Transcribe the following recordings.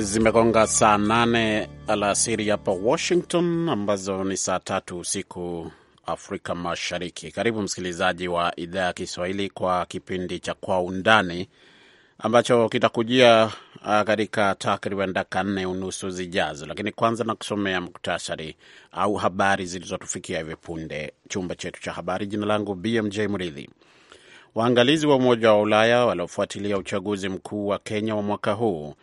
Zimegonga saa nane alasiri hapa Washington, ambazo ni saa tatu usiku Afrika Mashariki. Karibu msikilizaji wa idhaa ya Kiswahili kwa kipindi cha Kwa Undani ambacho kitakujia uh, katika takriban dakika nne unusu zijazo, lakini kwanza nakusomea muktasari au habari zilizotufikia hivi punde chumba chetu cha habari. Jina langu BMJ Mridhi. Waangalizi wa Umoja wa Ulaya waliofuatilia uchaguzi mkuu wa Kenya wa mwaka huu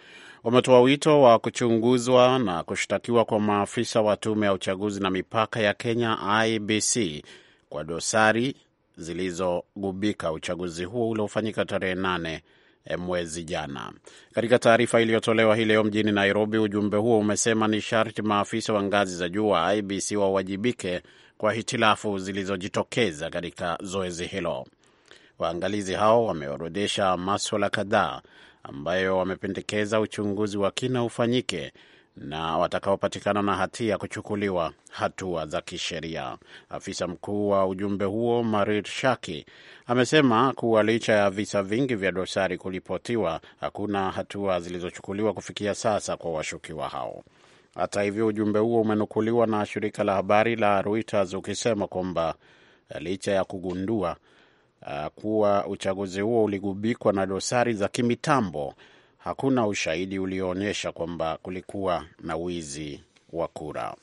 wametoa wito wa kuchunguzwa na kushtakiwa kwa maafisa wa tume ya uchaguzi na mipaka ya Kenya IBC kwa dosari zilizogubika uchaguzi huo uliofanyika tarehe nane eh, mwezi jana. Katika taarifa iliyotolewa hii leo mjini Nairobi, ujumbe huo umesema ni sharti maafisa wa ngazi za juu wa IBC wawajibike kwa hitilafu zilizojitokeza katika zoezi hilo. Waangalizi hao wameorodhesha maswala kadhaa ambayo wamependekeza uchunguzi wa kina ufanyike na watakaopatikana na hatia kuchukuliwa hatua za kisheria. Afisa mkuu wa ujumbe huo Marit Shaki amesema kuwa licha ya visa vingi vya dosari kuripotiwa, hakuna hatua zilizochukuliwa kufikia sasa kwa washukiwa hao. Hata hivyo, ujumbe huo umenukuliwa na shirika la habari la Reuters ukisema kwamba licha ya kugundua uh, kuwa uchaguzi huo uligubikwa na dosari za kimitambo. Hakuna ushahidi ulioonyesha kwamba kulikuwa na wizi wa kura.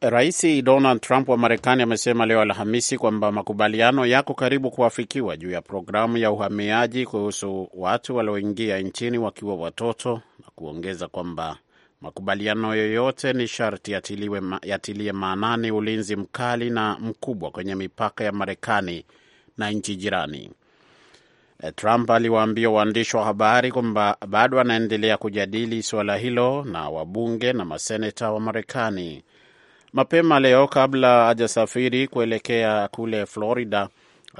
Rais Donald Trump wa Marekani amesema leo Alhamisi kwamba makubaliano yako karibu kuafikiwa juu ya programu ya uhamiaji kuhusu watu walioingia nchini wakiwa watoto na kuongeza kwamba Makubaliano yoyote ni sharti yatiliwe, yatilie maanani ulinzi mkali na mkubwa kwenye mipaka ya Marekani na nchi jirani. Eh, Trump aliwaambia waandishi wa habari kwamba bado anaendelea kujadili suala hilo na wabunge na maseneta wa Marekani. Mapema leo, kabla hajasafiri kuelekea kule Florida,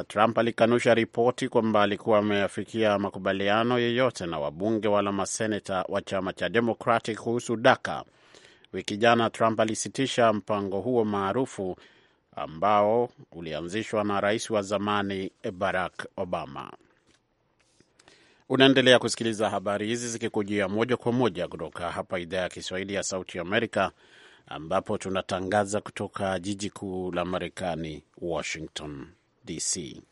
Trump alikanusha ripoti kwamba alikuwa ameafikia makubaliano yeyote na wabunge wala maseneta wa chama cha Democratic kuhusu Daka. Wiki jana Trump alisitisha mpango huo maarufu ambao ulianzishwa na rais wa zamani Barack Obama. Unaendelea kusikiliza habari hizi zikikujia moja kwa moja kutoka hapa idhaa ya Kiswahili ya Sauti Amerika, ambapo tunatangaza kutoka jiji kuu la Marekani, Washington. DC.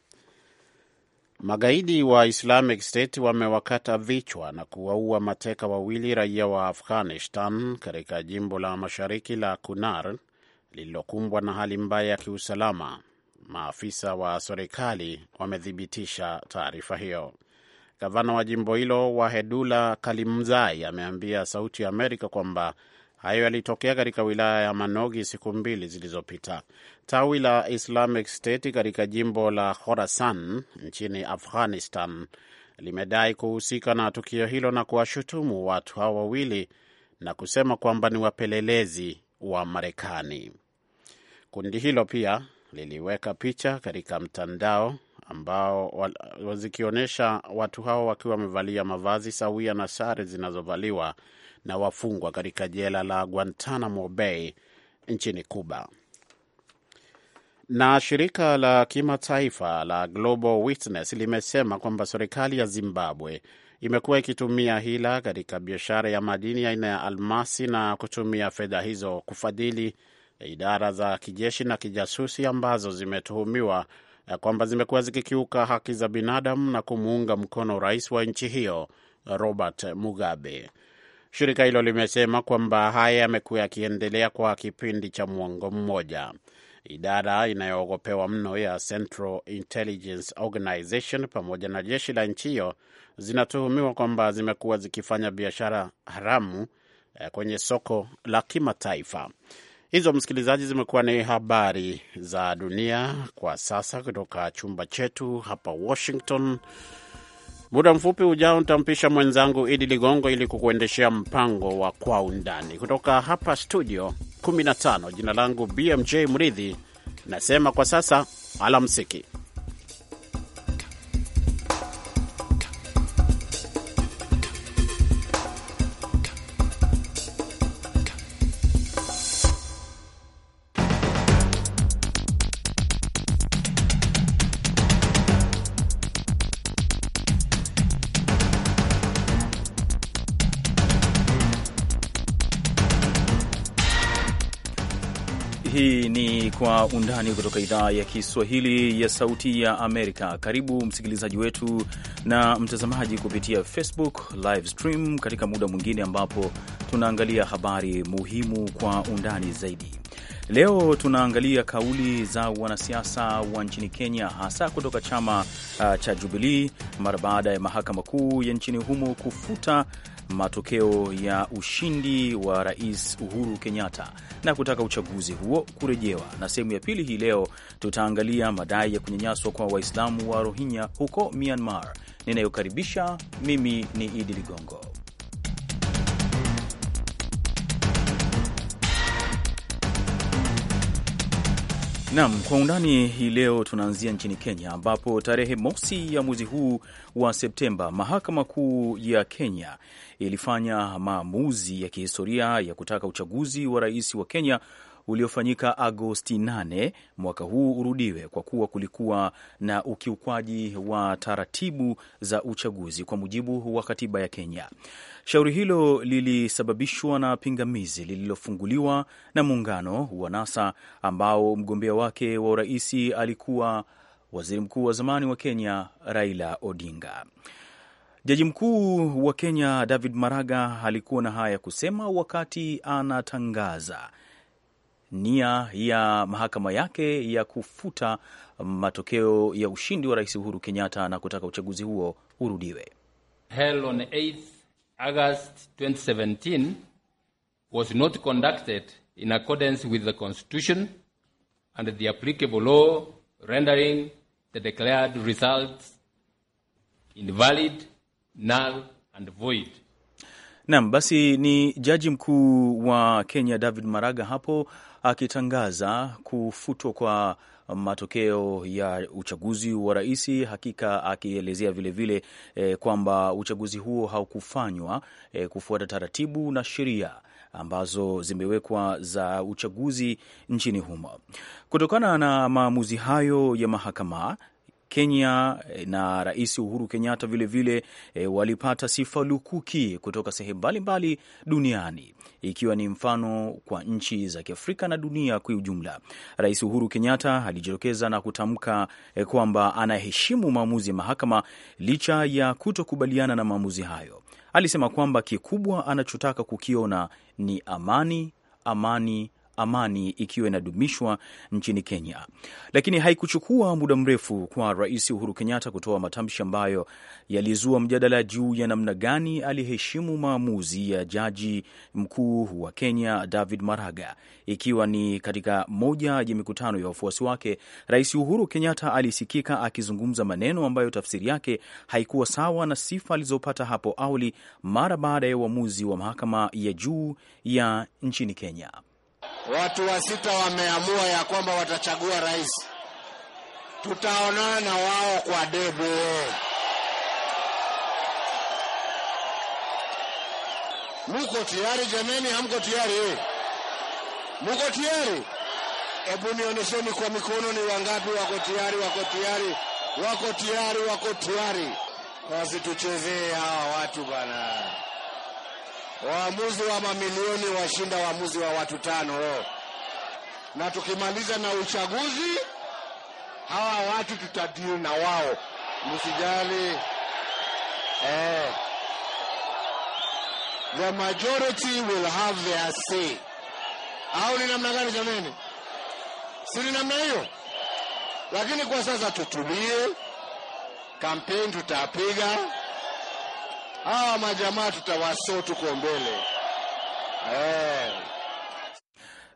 Magaidi wa Islamic State wamewakata vichwa na kuwaua mateka wawili raia wa Afghanistan katika jimbo la mashariki la Kunar lililokumbwa na hali mbaya ya kiusalama. Maafisa wa serikali wamethibitisha taarifa hiyo. Gavana wa jimbo hilo Wahedula Kalimzai ameambia Sauti ya Amerika kwamba Hayo yalitokea katika wilaya ya Manogi siku mbili zilizopita. Tawi la Islamic State katika jimbo la Khorasan nchini Afghanistan limedai kuhusika na tukio hilo na kuwashutumu watu hao wawili na kusema kwamba ni wapelelezi wa Marekani. Kundi hilo pia liliweka picha katika mtandao ambao zikionyesha watu hao wakiwa wamevalia mavazi sawia na sare zinazovaliwa na wafungwa katika jela la Guantanamo Bay nchini Cuba. Na shirika la kimataifa la Global Witness limesema kwamba serikali ya Zimbabwe imekuwa ikitumia hila katika biashara ya madini aina ya almasi na kutumia fedha hizo kufadhili idara za kijeshi na kijasusi ambazo zimetuhumiwa kwamba zimekuwa zikikiuka haki za binadamu na kumuunga mkono rais wa nchi hiyo Robert Mugabe. Shirika hilo limesema kwamba haya yamekuwa yakiendelea kwa kipindi cha mwongo mmoja. Idara inayoogopewa mno ya Central Intelligence Organization pamoja na jeshi la nchi hiyo zinatuhumiwa kwamba zimekuwa zikifanya biashara haramu eh, kwenye soko la kimataifa. Hizo msikilizaji, zimekuwa ni habari za dunia kwa sasa kutoka chumba chetu hapa Washington. Muda mfupi ujao nitampisha mwenzangu Idi Ligongo ili kukuendeshea mpango wa Kwa Undani kutoka hapa studio 15. Jina langu BMJ Mridhi, nasema kwa sasa alamsiki. Undani kutoka idhaa ya Kiswahili ya Sauti ya Amerika. Karibu msikilizaji wetu na mtazamaji kupitia Facebook live stream katika muda mwingine ambapo tunaangalia habari muhimu kwa undani zaidi. Leo tunaangalia kauli za wanasiasa wa nchini Kenya, hasa kutoka chama uh, cha Jubilii mara baada ya mahakama kuu ya nchini humo kufuta matokeo ya ushindi wa Rais Uhuru Kenyatta na kutaka uchaguzi huo kurejewa. Na sehemu ya pili hii leo tutaangalia madai ya kunyanyaswa kwa Waislamu wa Rohingya huko Myanmar. Ninayokaribisha mimi ni Idi Ligongo. Naam, kwa undani hii leo tunaanzia nchini Kenya ambapo tarehe mosi ya mwezi huu wa Septemba mahakama kuu ya Kenya ilifanya maamuzi ya kihistoria ya kutaka uchaguzi wa rais wa Kenya uliofanyika Agosti 8 mwaka huu urudiwe kwa kuwa kulikuwa na ukiukwaji wa taratibu za uchaguzi kwa mujibu wa katiba ya Kenya. Shauri hilo lilisababishwa na pingamizi lililofunguliwa na muungano wa NASA ambao mgombea wake wa urais alikuwa waziri mkuu wa zamani wa Kenya Raila Odinga. Jaji mkuu wa Kenya David Maraga alikuwa na haya kusema wakati anatangaza nia ya mahakama yake ya kufuta matokeo ya ushindi wa Rais Uhuru Kenyatta na kutaka uchaguzi huo urudiwe. Held on 8 August 2017 was not conducted in accordance with the Constitution and the applicable law rendering the declared results invalid, null and void. Naam, basi ni Jaji Mkuu wa Kenya David Maraga hapo akitangaza kufutwa kwa matokeo ya uchaguzi wa rais, hakika akielezea vilevile e, eh, kwamba uchaguzi huo haukufanywa e, kufuata taratibu na sheria ambazo zimewekwa za uchaguzi nchini humo. Kutokana na maamuzi hayo ya mahakama, Kenya eh, na Rais Uhuru Kenyatta vilevile e, eh, walipata sifa lukuki kutoka sehemu mbalimbali duniani ikiwa ni mfano kwa nchi za Kiafrika na dunia kwa ujumla. Rais Uhuru Kenyatta alijitokeza na kutamka e, kwamba anaheshimu maamuzi ya mahakama licha ya kutokubaliana na maamuzi hayo. Alisema kwamba kikubwa anachotaka kukiona ni amani, amani amani ikiwa inadumishwa nchini Kenya. Lakini haikuchukua muda mrefu kwa Rais Uhuru Kenyatta kutoa matamshi ambayo yalizua mjadala juu ya namna gani aliheshimu maamuzi ya jaji mkuu wa Kenya David Maraga. Ikiwa ni katika moja ya mikutano ya wafuasi wake, Rais Uhuru Kenyatta alisikika akizungumza maneno ambayo tafsiri yake haikuwa sawa na sifa alizopata hapo awali mara baada ya uamuzi wa mahakama ya juu ya nchini Kenya watu wa sita wameamua ya kwamba watachagua rais. Tutaonana na wao kwa debu Muko tayari jameni? Hamko tayari? Muko tayari? Hebu nionyesheni kwa mikono, ni wangapi wako tayari? Wako tayari? Wako tayari? Wako tayari? Wasituchezee hawa watu bana. Waamuzi wa mamilioni washinda waamuzi wa watu tano, na tukimaliza na uchaguzi hawa watu tutadili na wao, msijali eh. The majority will have their say. Au ni namna gani jameni? Si ni namna hiyo? Lakini kwa sasa tutulie, kampeni tutapiga hawa majamaa tutawasoo, tuko mbele eh.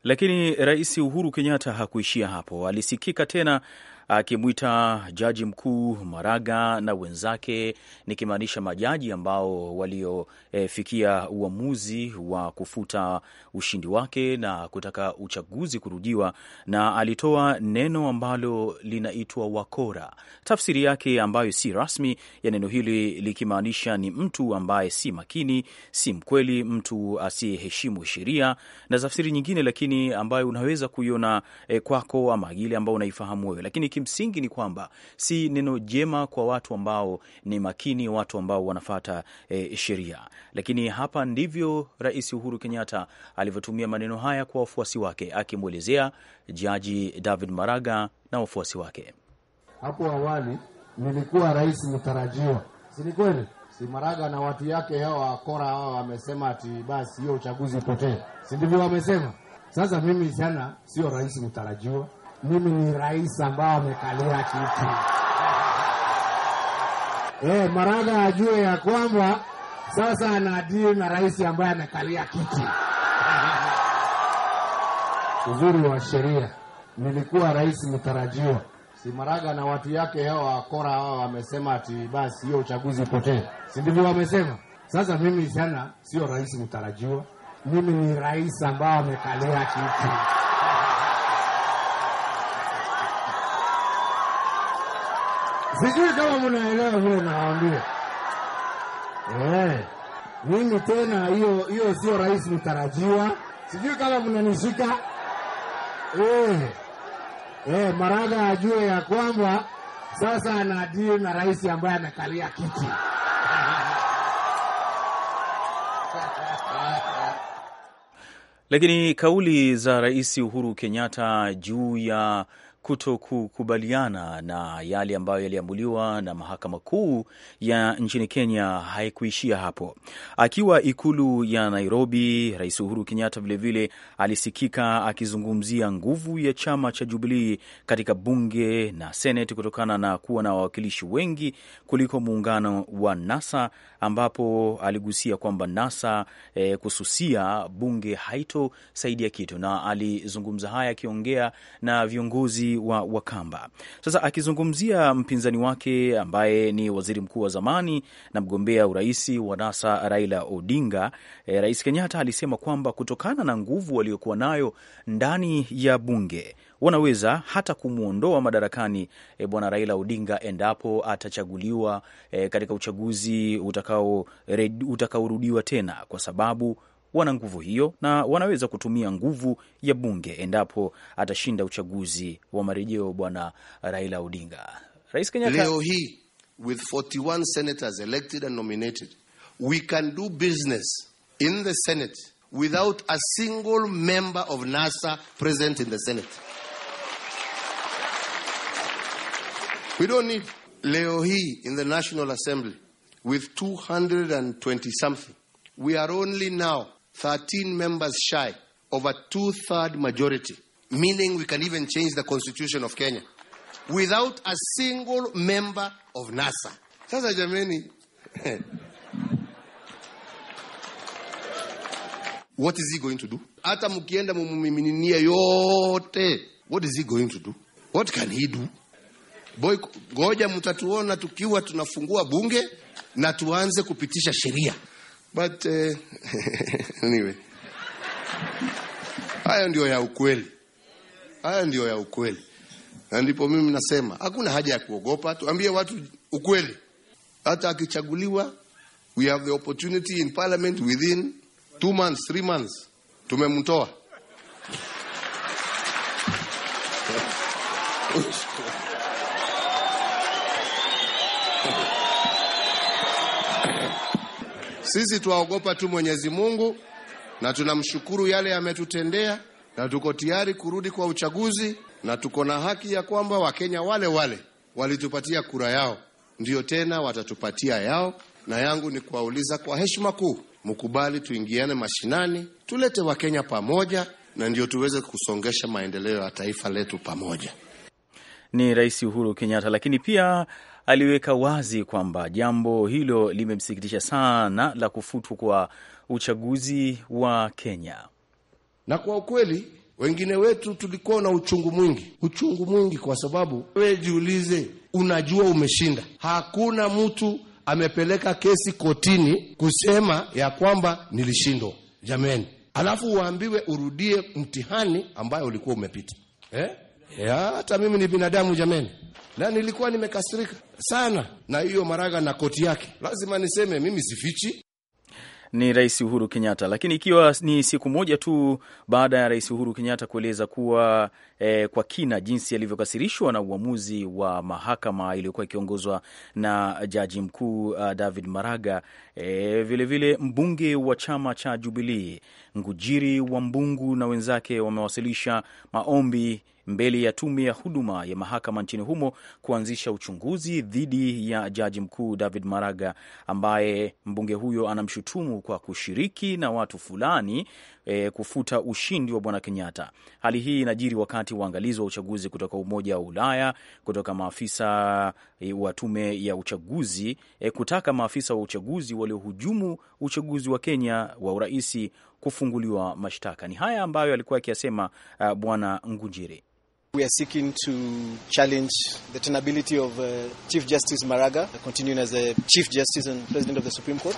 Lakini Rais Uhuru Kenyatta hakuishia hapo, alisikika tena akimwita jaji mkuu Maraga na wenzake, nikimaanisha majaji ambao waliofikia e, uamuzi wa kufuta ushindi wake na kutaka uchaguzi kurudiwa, na alitoa neno ambalo linaitwa wakora, tafsiri yake ambayo si rasmi ya neno hili likimaanisha ni mtu ambaye si makini, si mkweli, mtu asiyeheshimu sheria na tafsiri nyingine, lakini ambayo unaweza kuiona e, kwako ama ile ambayo unaifahamu wewe, lakini kimsingi ni kwamba si neno jema kwa watu ambao ni makini, watu ambao wanafata e, eh, sheria. Lakini hapa ndivyo Rais Uhuru Kenyatta alivyotumia maneno haya kwa wafuasi wake, akimwelezea Jaji David Maraga na wafuasi wake. Hapo awali nilikuwa rais mtarajiwa, si ni kweli? Si Maraga na watu yake hawa wakora hawa wamesema ati basi hiyo uchaguzi potee, si ndivyo wamesema? Sasa mimi sana sio rais mtarajiwa mimi ni rais ambao amekalia kiti eh, Maraga ajue ya kwamba sasa deal na rais ambaye amekalia kiti. Uzuri wa sheria, nilikuwa rais mtarajiwa. Si Maraga na watu yake hao wakora hao wamesema ati basi hiyo uchaguzi potee, si ndivyo wamesema? Sasa mimi sana sio rais mtarajiwa, mimi ni rais ambao amekalia kiti. Sijui kama mnaelewa vile nawaambia. Eh, mimi tena hiyo hiyo sio rais mtarajiwa. Sijui kama mnanishika. Eh, eh, Maraga ajue ya kwamba sasa deal na rais ambaye amekalia kiti. Lakini kauli za Rais Uhuru Kenyatta juu ya kuto kukubaliana na yale ambayo yaliamuliwa na mahakama kuu ya nchini Kenya haikuishia hapo. Akiwa ikulu ya Nairobi, Rais Uhuru Kenyatta vilevile alisikika akizungumzia nguvu ya chama cha Jubilii katika bunge na seneti kutokana na kuwa na wawakilishi wengi kuliko muungano wa NASA, ambapo aligusia kwamba NASA e, kususia bunge haitosaidia kitu, na alizungumza haya akiongea na viongozi wa Wakamba. Sasa akizungumzia mpinzani wake ambaye ni waziri mkuu wa zamani na mgombea urais wa NASA Raila Odinga, e, Rais Kenyatta alisema kwamba kutokana na nguvu waliokuwa nayo ndani ya bunge wanaweza hata kumwondoa madarakani e, bwana Raila Odinga endapo atachaguliwa e, katika uchaguzi utakaorudiwa utakao tena, kwa sababu wana nguvu hiyo na wanaweza kutumia nguvu ya bunge endapo atashinda uchaguzi wa marejeo Bwana Raila Odinga. Rais Kenyatta leo hii with 41 senators elected and nominated we can do business in the Senate without a single member of NASA present in the Senate. We don't need leo hii in the National Assembly with 220 something we are only now 13 members shy of a two-third majority, meaning we can even change the constitution of Kenya without a single member of NASA. Sasa jameni, what is he going to do? Hata mkienda mumimininia yote, what is he going to do? What can he do? Boy, goja mtatuona tukiwa tunafungua bunge na tuanze kupitisha sheria but uh, anyway, haya ndio ya ukweli, haya ndio ya ukweli, na ndipo mimi nasema hakuna haja ya kuogopa. Tuambie watu ukweli, hata akichaguliwa, we have the opportunity in parliament within two months, three months, tumemtoa Sisi twaogopa tu Mwenyezi Mungu na tunamshukuru yale yametutendea, na tuko tayari kurudi kwa uchaguzi, na tuko na haki ya kwamba Wakenya wale wale walitupatia kura yao ndiyo tena watatupatia yao, na yangu ni kuwauliza kwa heshima kuu, mkubali tuingiane mashinani, tulete Wakenya pamoja, na ndio tuweze kusongesha maendeleo ya taifa letu pamoja. Ni Rais Uhuru Kenyatta, lakini pia aliweka wazi kwamba jambo hilo limemsikitisha sana, la kufutwa kwa uchaguzi wa Kenya. Na kwa ukweli wengine wetu tulikuwa na uchungu mwingi, uchungu mwingi, kwa sababu wewe jiulize, unajua umeshinda, hakuna mtu amepeleka kesi kotini kusema ya kwamba nilishindwa, jameni, alafu uambiwe urudie mtihani ambayo ulikuwa umepita eh? Ya, hata mimi ni binadamu jameni, na nilikuwa nimekasirika sana na hiyo Maraga na koti yake. Lazima niseme mimi sifichi ni Rais Uhuru Kenyatta. Lakini ikiwa ni siku moja tu baada ya Rais Uhuru Kenyatta kueleza kuwa eh, kwa kina jinsi alivyokasirishwa na uamuzi wa mahakama iliyokuwa ikiongozwa na jaji mkuu uh, David Maraga vilevile vile mbunge wa chama cha Jubilii Ngujiri wa Mbungu na wenzake wamewasilisha maombi mbele ya tume ya huduma ya mahakama nchini humo kuanzisha uchunguzi dhidi ya jaji mkuu David Maraga ambaye mbunge huyo anamshutumu kwa kushiriki na watu fulani e, kufuta ushindi wa bwana Kenyatta. Hali hii inajiri wakati waangalizi wa uchaguzi kutoka Umoja wa Ulaya, kutoka maafisa e, wa tume ya uchaguzi e, kutaka maafisa wa uchaguzi waliohujumu uchaguzi wa Kenya wa uraisi kufunguliwa mashtaka. Ni haya ambayo alikuwa akiyasema uh, bwana Ngunjiri. We are seeking to challenge the tenability of uh, Chief Justice Maraga, continuing as the Chief Justice and President of the Supreme Court.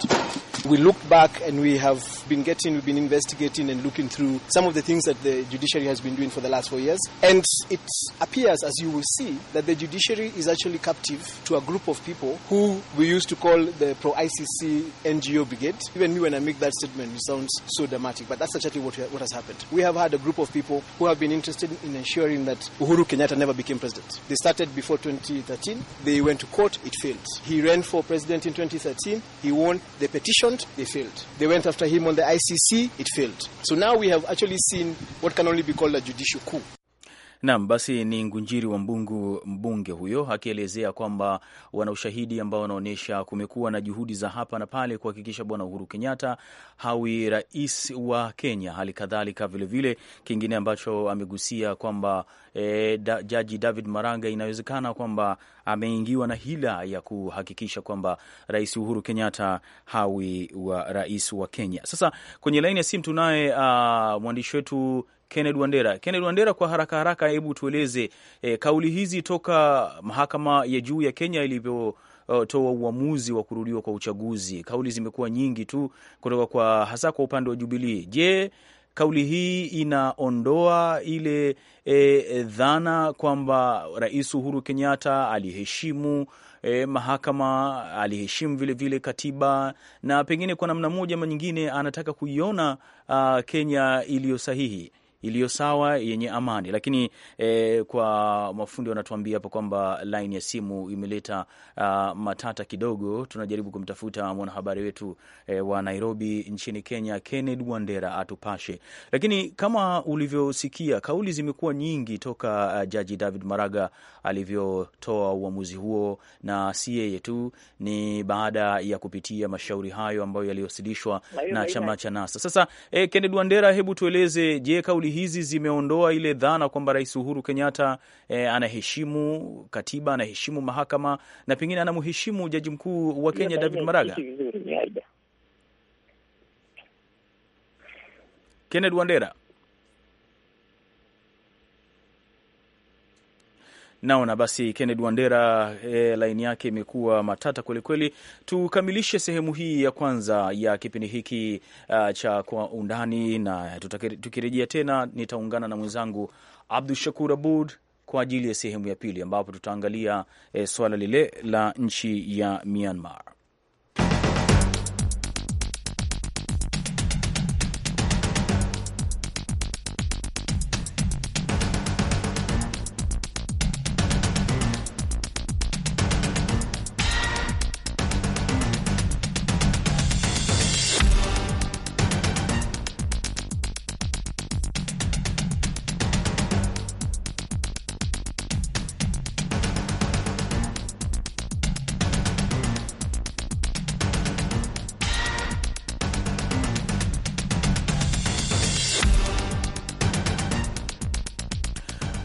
We look back and we have been getting, we've been investigating and looking through some of the things that the judiciary has been doing for the last four years. And it appears, as you will see, that the judiciary is actually captive to a group of people who we used to call the pro ICC NGO brigade. Even me, when I make that statement, it sounds so dramatic, but that's actually what, what has happened. We have had a group of people who have been interested in ensuring that Uhuru Kenyatta never became president. They started before 2013. They went to court. It failed. He ran for president in 2013. He won. They petitioned. They failed. They went after him on the ICC. It failed. So now we have actually seen what can only be called a judicial coup. Naam, basi ni Ngunjiri wa Mbungu, mbunge huyo akielezea kwamba wana ushahidi ambao wanaonyesha kumekuwa na juhudi za hapa na pale kuhakikisha Bwana Uhuru Kenyatta hawi rais wa Kenya. Hali kadhalika vilevile, kingine ambacho amegusia kwamba e, da, Jaji David Maraga inawezekana kwamba ameingiwa na hila ya kuhakikisha kwamba Rais Uhuru Kenyatta hawi wa rais wa Kenya. Sasa kwenye laini ya simu tunaye uh, mwandishi wetu Kenneth Wandera. Kenneth Wandera, kwa haraka haraka, hebu tueleze eh, kauli hizi toka mahakama ya juu ya Kenya ilivyo toa uamuzi wa kurudiwa kwa uchaguzi. Kauli zimekuwa nyingi tu kutoka kwa hasa kwa upande wa Jubilii. Je, kauli hii inaondoa ile e, e, dhana kwamba Rais Uhuru Kenyatta aliheshimu e, mahakama, aliheshimu vilevile katiba, na pengine kwa namna moja ama nyingine anataka kuiona Kenya iliyo sahihi iliyo sawa yenye amani, lakini eh, kwa mafundi wanatuambia hapo kwamba lin ya simu imeleta uh, matata kidogo. Tunajaribu kumtafuta mwanahabari wetu eh, wa Nairobi nchini Kenya, Kenneth Wandera atupashe. Lakini kama ulivyosikia, kauli zimekuwa nyingi toka uh, Jaji David Maraga alivyotoa uamuzi huo, na si yeye tu, ni baada ya kupitia mashauri hayo ambayo yaliwasilishwa na chama cha NASA. Sasa eh, Kenneth Wandera, hebu tueleze, je, kauli kauli hizi zimeondoa ile dhana kwamba Rais Uhuru Kenyatta e, anaheshimu katiba, anaheshimu mahakama na pengine anamheshimu jaji mkuu wa Kenya David Maraga. Kenneth Wandera Naona basi Kennedy Wandera, e, laini yake imekuwa matata kwelikweli. Tukamilishe sehemu hii ya kwanza ya kipindi hiki uh, cha kwa undani, na tukirejea tena nitaungana na mwenzangu Abdu Shakur Abud kwa ajili ya sehemu ya pili ambapo tutaangalia e, swala lile la nchi ya Myanmar.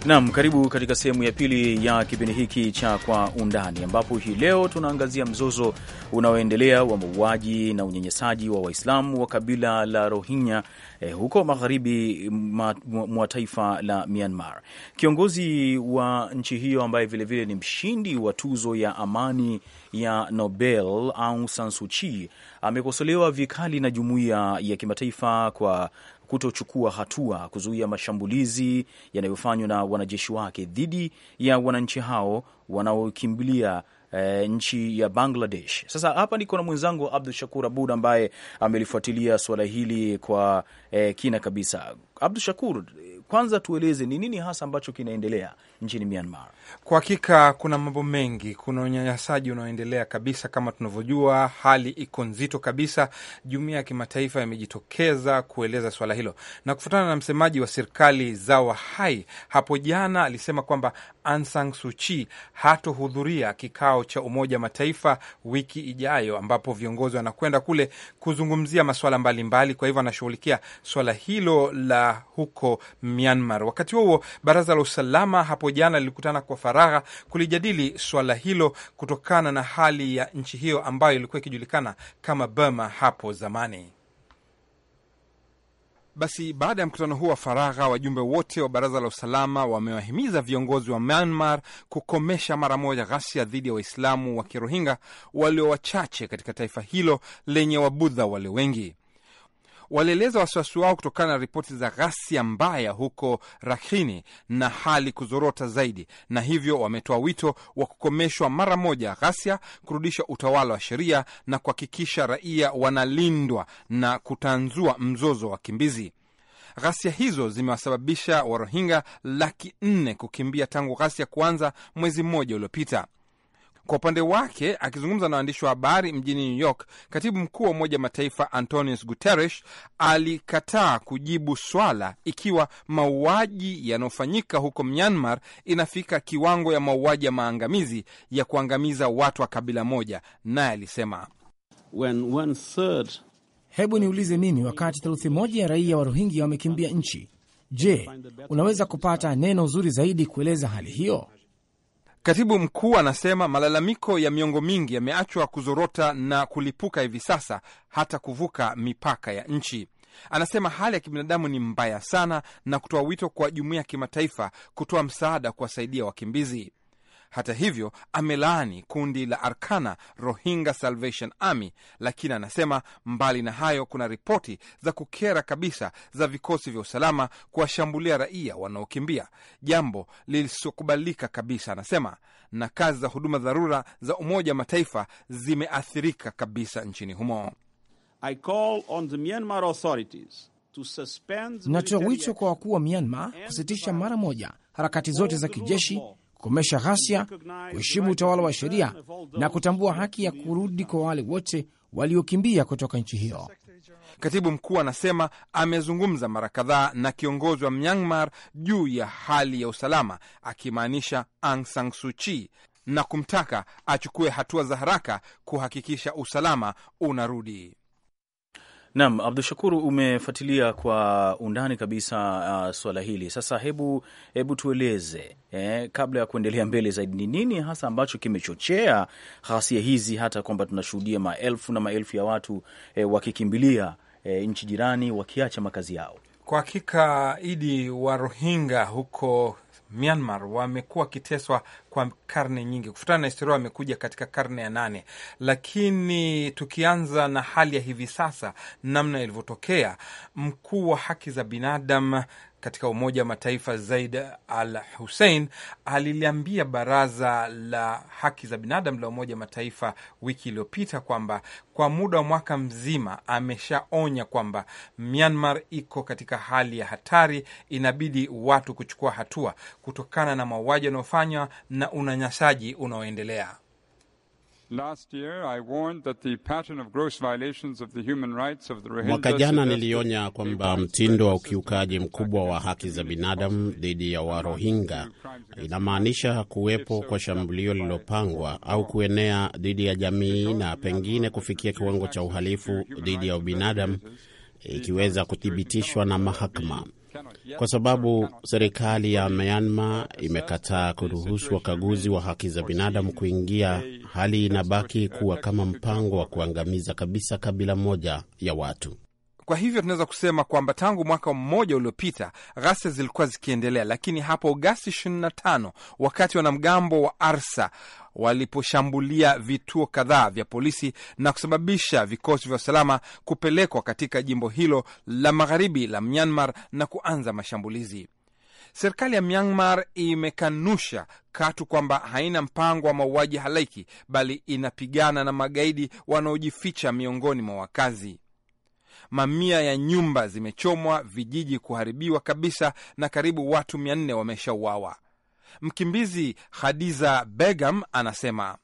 Naam, karibu katika sehemu ya pili ya kipindi hiki cha Kwa Undani, ambapo hii leo tunaangazia mzozo unaoendelea wa mauaji na unyenyesaji wa Waislamu wa kabila la Rohingya eh, huko magharibi mwa ma, taifa la Myanmar. Kiongozi wa nchi hiyo ambaye vilevile vile ni mshindi wa tuzo ya amani ya Nobel Aung San Suu Kyi amekosolewa vikali na jumuiya ya kimataifa kwa kutochukua hatua kuzuia mashambulizi yanayofanywa na wanajeshi wake dhidi ya wananchi hao wanaokimbilia e, nchi ya Bangladesh. Sasa hapa niko na mwenzangu Abdu Shakur Abud ambaye amelifuatilia suala hili kwa e, kina kabisa. Abdu Shakur, kwanza tueleze ni nini hasa ambacho kinaendelea nchini Myanmar? Kwa hakika kuna mambo mengi, kuna unyanyasaji unaoendelea kabisa. Kama tunavyojua, hali iko nzito kabisa. Jumuiya ya kimataifa imejitokeza kueleza swala hilo, na kufuatana na msemaji wa serikali Zawa Hai hapo jana alisema kwamba Ansan Suchi hatohudhuria kikao cha Umoja Mataifa wiki ijayo, ambapo viongozi wanakwenda kule kuzungumzia masuala mbalimbali. Kwa hivyo anashughulikia swala hilo la huko Myanmar. Wakati huo baraza la usalama hapo jana lilikutana kwa faragha kulijadili swala hilo kutokana na hali ya nchi hiyo ambayo ilikuwa ikijulikana kama Burma hapo zamani. Basi baada ya mkutano huu wa faragha, wajumbe wote wa baraza la usalama wamewahimiza viongozi wa Myanmar kukomesha mara moja ghasia dhidi ya Waislamu wa kirohinga walio wachache katika taifa hilo lenye Wabudha walio wengi walieleza wasiwasi wao kutokana na ripoti za ghasia mbaya huko Rakhine na hali kuzorota zaidi, na hivyo wametoa wito wa kukomeshwa mara moja ghasia, kurudisha utawala wa sheria na kuhakikisha raia wanalindwa na kutanzua mzozo wa wakimbizi. Ghasia hizo zimewasababisha warohinga laki nne kukimbia tangu ghasia kuanza mwezi mmoja uliopita. Kwa upande wake, akizungumza na waandishi wa habari mjini New York, katibu mkuu wa Umoja Mataifa antonius Guterres alikataa kujibu swala ikiwa mauaji yanayofanyika huko Myanmar inafika kiwango ya mauaji ya maangamizi ya kuangamiza watu wa kabila moja, naye alisema When third... hebu niulize mimi, wakati theluthi moja ya raia wa Rohingya wamekimbia nchi, je, unaweza kupata neno zuri zaidi kueleza hali hiyo? Katibu mkuu anasema malalamiko ya miongo mingi yameachwa kuzorota na kulipuka hivi sasa hata kuvuka mipaka ya nchi. Anasema hali ya kibinadamu ni mbaya sana, na kutoa wito kwa jumuiya ya kimataifa kutoa msaada kuwasaidia wakimbizi. Hata hivyo, amelaani kundi la Arkana Rohingya Salvation Army, lakini anasema mbali na hayo, kuna ripoti za kukera kabisa za vikosi vya usalama kuwashambulia raia wanaokimbia, jambo lisilokubalika kabisa, anasema, na kazi za huduma dharura za Umoja wa Mataifa zimeathirika kabisa nchini humo. I call on the Myanmar authorities Natoa wito kwa wakuu wa Myanmar kusitisha mara moja harakati zote za kijeshi kukomesha ghasia, kuheshimu utawala wa sheria na kutambua haki ya kurudi kwa wale wote waliokimbia kutoka nchi hiyo. Katibu mkuu anasema amezungumza mara kadhaa na kiongozi wa Myanmar juu ya hali ya usalama, akimaanisha Aung San Suu Kyi na kumtaka achukue hatua za haraka kuhakikisha usalama unarudi. Naam, Abdu Shakuru, umefuatilia kwa undani kabisa uh, swala hili sasa. Hebu hebu tueleze eh, kabla ya kuendelea mbele zaidi, ni nini hasa ambacho kimechochea ghasia hizi, hata kwamba tunashuhudia maelfu na maelfu ya watu eh, wakikimbilia eh, nchi jirani, wakiacha makazi yao? Kwa hakika, Idi, wa Rohingya huko Myanmar wamekuwa wakiteswa kwa karne nyingi, Kufutana na historia wamekuja katika karne ya nane. Lakini tukianza na hali ya hivi sasa, namna ilivyotokea, mkuu wa haki za binadamu katika Umoja wa Mataifa Zaid Al Hussein aliliambia Baraza la Haki za Binadamu la Umoja wa Mataifa wiki iliyopita kwamba kwa muda wa mwaka mzima ameshaonya kwamba Myanmar iko katika hali ya hatari, inabidi watu kuchukua hatua kutokana na mauaji yanayofanywa na na unyanyasaji unaoendelea. Mwaka jana nilionya kwamba mtindo wa ukiukaji mkubwa wa haki za binadamu dhidi ya Warohingya inamaanisha kuwepo kwa shambulio lililopangwa au kuenea dhidi ya jamii na pengine kufikia kiwango cha uhalifu dhidi ya ubinadamu, ikiweza kuthibitishwa na mahakama kwa sababu serikali ya Myanmar imekataa kuruhusu wakaguzi wa haki za binadamu kuingia. Hali inabaki kuwa kama mpango wa kuangamiza kabisa kabila moja ya watu. Kwa hivyo tunaweza kusema kwamba tangu mwaka mmoja uliopita ghasia zilikuwa zikiendelea, lakini hapo Agosti 25 wakati wanamgambo wa Arsa waliposhambulia vituo kadhaa vya polisi na kusababisha vikosi vya usalama kupelekwa katika jimbo hilo la magharibi la Myanmar na kuanza mashambulizi. Serikali ya Myanmar imekanusha katu kwamba haina mpango wa mauaji halaiki, bali inapigana na magaidi wanaojificha miongoni mwa wakazi. Mamia ya nyumba zimechomwa, vijiji kuharibiwa kabisa, na karibu watu mia nne wameshauawa. Mkimbizi Khadiza begam anasema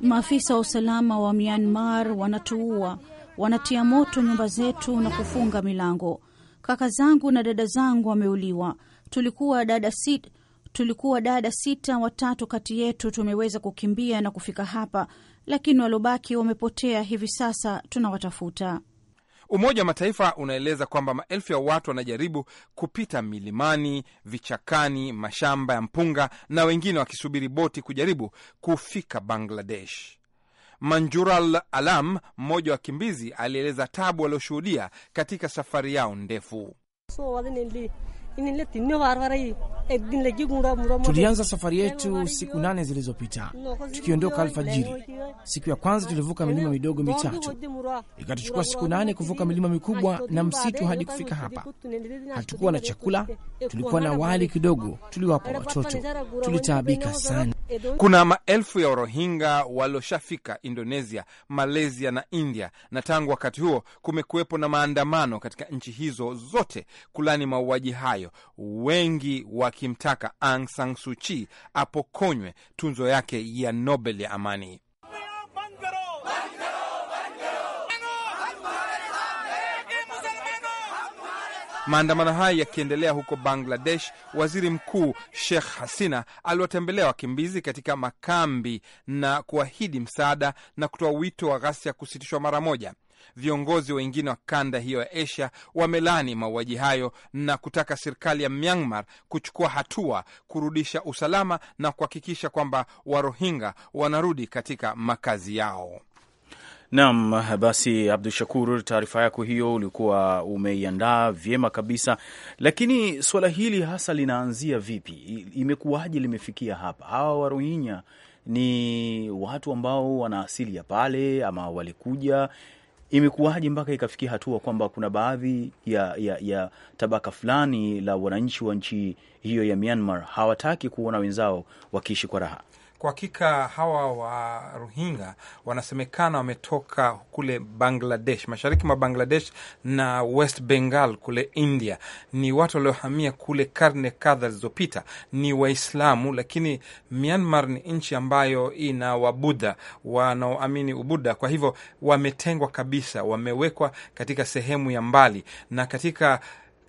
maafisa wa usalama wa Myanmar wanatuua, wanatia moto nyumba zetu na kufunga milango. Kaka zangu na dada zangu wameuliwa. Tulikuwa dada sita, tulikuwa dada sita, watatu kati yetu tumeweza kukimbia na kufika hapa, lakini waliobaki wamepotea. Hivi sasa tunawatafuta. Umoja wa Mataifa unaeleza kwamba maelfu ya watu wanajaribu kupita milimani, vichakani, mashamba ya mpunga na wengine wakisubiri boti kujaribu kufika Bangladesh. Manjural Alam, mmoja wa wakimbizi, alieleza tabu walioshuhudia katika safari yao ndefu. So, Eh, Tulianza safari yetu siku nane zilizopita tukiondoka alfajiri. Siku ya kwanza tulivuka milima midogo mitatu, ikatuchukua siku nane kuvuka milima mikubwa na msitu hadi kufika hapa. Hatukuwa na chakula, tulikuwa na wali kidogo tuliwapa watoto. Tulitaabika sana. Kuna maelfu ya Warohingya walioshafika Indonesia, Malaysia na India, na tangu wakati huo kumekuwepo na maandamano katika nchi hizo zote kulani mauaji hayo hayo, wengi wakimtaka Aung San Suu Kyi apokonywe tunzo yake ya Nobel ya amani. Maandamano hayo yakiendelea huko Bangladesh, waziri mkuu Sheikh Hasina aliwatembelea wakimbizi katika makambi na kuahidi msaada na kutoa wito wa ghasia kusitishwa mara moja. Viongozi wengine wa kanda hiyo ya Asia wamelani mauaji hayo na kutaka serikali ya Myanmar kuchukua hatua kurudisha usalama na kuhakikisha kwamba Warohinga wanarudi katika makazi yao. Nam basi, Abdu Shakur, taarifa yako hiyo ulikuwa umeiandaa vyema kabisa, lakini suala hili hasa linaanzia vipi? Imekuwaje limefikia hapa? Hawa Warohinya ni watu ambao wana asili ya pale ama walikuja imekuwaje mpaka ikafikia hatua kwamba kuna baadhi ya, ya, ya tabaka fulani la wananchi wa nchi hiyo ya Myanmar hawataki kuona wenzao wakiishi kwa raha? Kwa hakika hawa wa Rohingya wanasemekana wametoka kule Bangladesh, mashariki mwa Bangladesh na West Bengal kule India. Ni watu waliohamia kule karne kadha zilizopita, ni Waislamu, lakini Myanmar ni nchi ambayo ina Wabudha wanaoamini Ubuddha. Kwa hivyo wametengwa kabisa, wamewekwa katika sehemu ya mbali na katika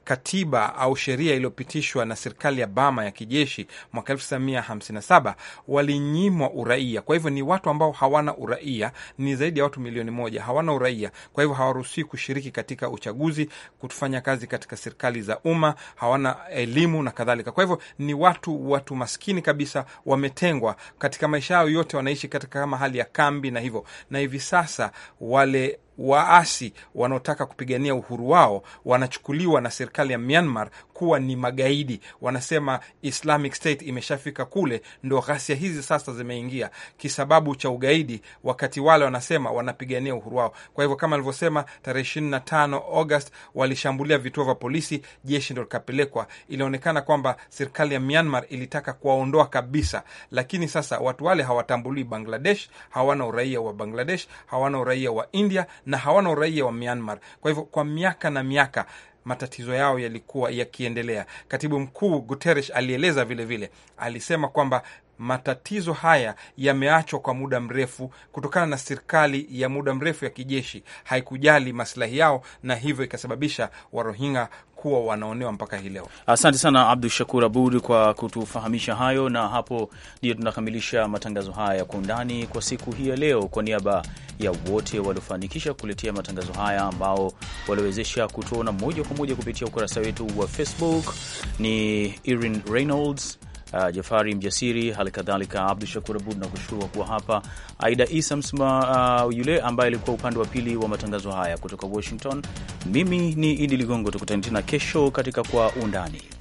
katiba au sheria iliyopitishwa na serikali ya Bama ya kijeshi mwaka 1957 walinyimwa uraia. Kwa hivyo ni watu ambao hawana uraia, ni zaidi ya watu milioni moja hawana uraia. Kwa hivyo hawaruhusiwi kushiriki katika uchaguzi, kufanya kazi katika serikali za umma, hawana elimu na kadhalika. Kwa hivyo ni watu watu maskini kabisa, wametengwa katika maisha yao yote, wanaishi katika kama hali ya kambi na hivyo na hivi sasa wale waasi wanaotaka kupigania uhuru wao wanachukuliwa na serikali ya Myanmar kuwa ni magaidi. Wanasema Islamic State imeshafika kule, ndo ghasia hizi sasa zimeingia kisababu cha ugaidi, wakati wale wanasema wanapigania uhuru wao. Kwa hivyo kama alivyosema, tarehe tano August walishambulia vituo vya polisi, jeshi ndo likapelekwa. Ilionekana kwamba serikali ya Myanmar ilitaka kuwaondoa kabisa, lakini sasa watu wale hawatambulii Bangladesh, hawana uraia wa Bangladesh, hawana uraia wa India na hawana uraia wa Myanmar. Kwa hivyo kwa miaka na miaka matatizo yao yalikuwa yakiendelea. Katibu mkuu Guterres alieleza vilevile vile. Alisema kwamba matatizo haya yameachwa kwa muda mrefu kutokana na serikali ya muda mrefu ya kijeshi haikujali masilahi yao, na hivyo ikasababisha Warohingya kuwa wanaonewa mpaka hii leo. Asante sana Abdu Shakur Abud kwa kutufahamisha hayo, na hapo ndiyo tunakamilisha matangazo haya ya kwa undani kwa siku hii ya leo. Kwa niaba ya wote waliofanikisha kuletea matangazo haya, ambao waliwezesha kutuona moja kwa moja kupitia ukurasa wetu wa Facebook, ni Irin Reynolds uh, Jafari Mjasiri, hali kadhalika Abdu Shakur Abud na kushukuru kuwa hapa, Aida Isa msima, uh, yule ambaye alikuwa upande wa pili wa matangazo haya kutoka Washington. Mimi ni Idi Ligongo, tukutane tena kesho katika Kwa Undani.